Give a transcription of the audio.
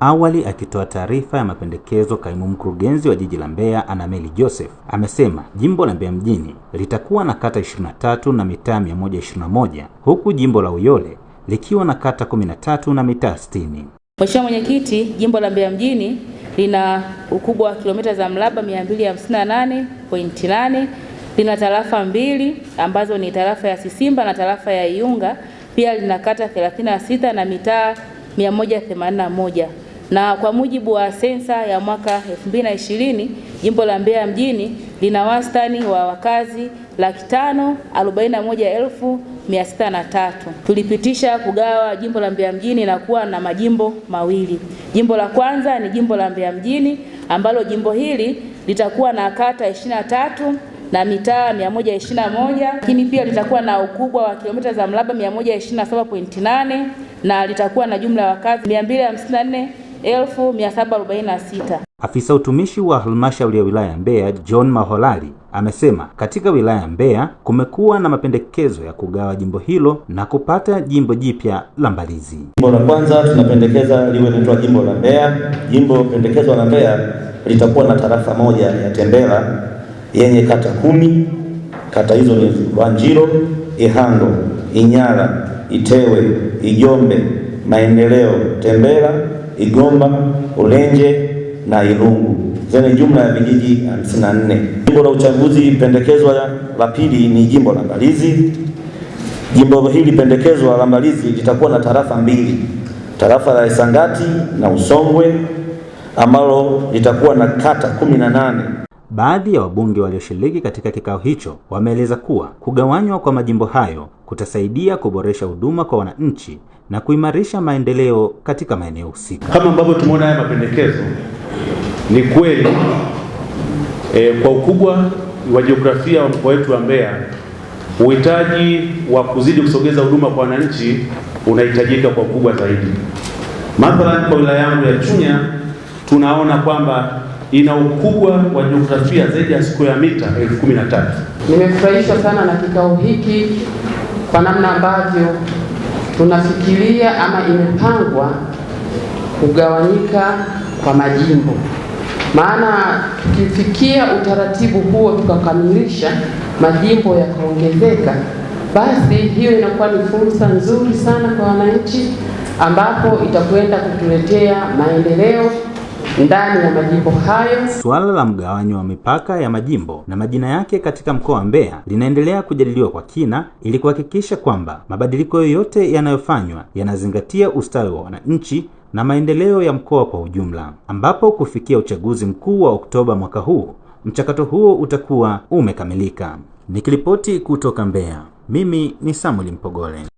Awali akitoa taarifa ya mapendekezo, kaimu mkurugenzi wa jiji la Mbeya Anameli Joseph amesema jimbo la Mbeya mjini litakuwa na kata 23 na mitaa 121 huku jimbo la Uyole likiwa na kata 13 na mitaa 60. Mheshimiwa Mwenyekiti, jimbo la Mbeya mjini lina ukubwa wa kilomita za mraba 258.8, lina tarafa mbili ambazo ni tarafa ya Sisimba na tarafa ya Iunga. Pia lina kata 36 na mitaa 181 na kwa mujibu wa sensa ya mwaka 2020 jimbo la Mbeya mjini lina wastani wa wakazi laki tano arobaini na moja elfu mia sita na tatu. Tulipitisha kugawa jimbo la Mbeya mjini na kuwa na majimbo mawili. Jimbo la kwanza ni jimbo la Mbeya mjini ambalo jimbo hili litakuwa na kata 23 na mitaa 121, lakini pia litakuwa na ukubwa wa kilomita za mraba 127.8 na litakuwa na jumla ya wakazi 254 1746. Afisa utumishi wa halmashauri ya wilaya ya Mbeya John Maholali amesema katika wilaya ya Mbeya kumekuwa na mapendekezo ya kugawa jimbo hilo na kupata jimbo jipya la Mbalizi. Jimbo la kwanza tunapendekeza liwe linaitwa jimbo la Mbeya. Jimbo pendekezo la Mbeya litakuwa na tarafa moja ya Tembela yenye kata kumi. Kata hizo ni Wanjiro, Ihango, Inyala, Itewe, Ijombe maendeleo Tembela, Igomba, Ulenje na Irungu zenye jumla ya vijiji 54. Jimbo la uchaguzi pendekezwa la pili ni jimbo la Mbalizi. Jimbo hili pendekezwa la Mbalizi litakuwa na tarafa mbili, tarafa la Isangati na Usongwe ambalo litakuwa na kata 18 Baadhi ya wabunge walioshiriki katika kikao hicho wameeleza kuwa kugawanywa kwa majimbo hayo kutasaidia kuboresha huduma kwa wananchi na kuimarisha maendeleo katika maeneo husika. Kama ambavyo tumeona haya mapendekezo ni kweli e, kwa ukubwa wa jiografia wa mkoa wetu wa Mbeya, uhitaji wa kuzidi kusogeza huduma kwa wananchi unahitajika kwa ukubwa zaidi. Mathalan, kwa wilaya yangu ya Chunya tunaona kwamba ina ukubwa wa jiografia zaidi ya square mita elfu kumi na tatu. Nimefurahishwa sana na kikao hiki kwa namna ambavyo tunafikiria ama imepangwa kugawanyika kwa majimbo, maana tukifikia utaratibu huo tukakamilisha majimbo yakaongezeka, basi hiyo inakuwa ni fursa nzuri sana kwa wananchi, ambapo itakwenda kutuletea maendeleo ndani ya majimbo hayo. Suala la mgawanyo wa mipaka ya majimbo na majina yake katika mkoa wa Mbeya linaendelea kujadiliwa kwa kina ili kuhakikisha kwamba mabadiliko yoyote yanayofanywa yanazingatia ustawi wa wananchi na maendeleo ya mkoa kwa ujumla, ambapo kufikia uchaguzi mkuu wa Oktoba mwaka huu mchakato huo utakuwa umekamilika. Nikiripoti kutoka Mbeya, mimi ni Samuel Mpogole.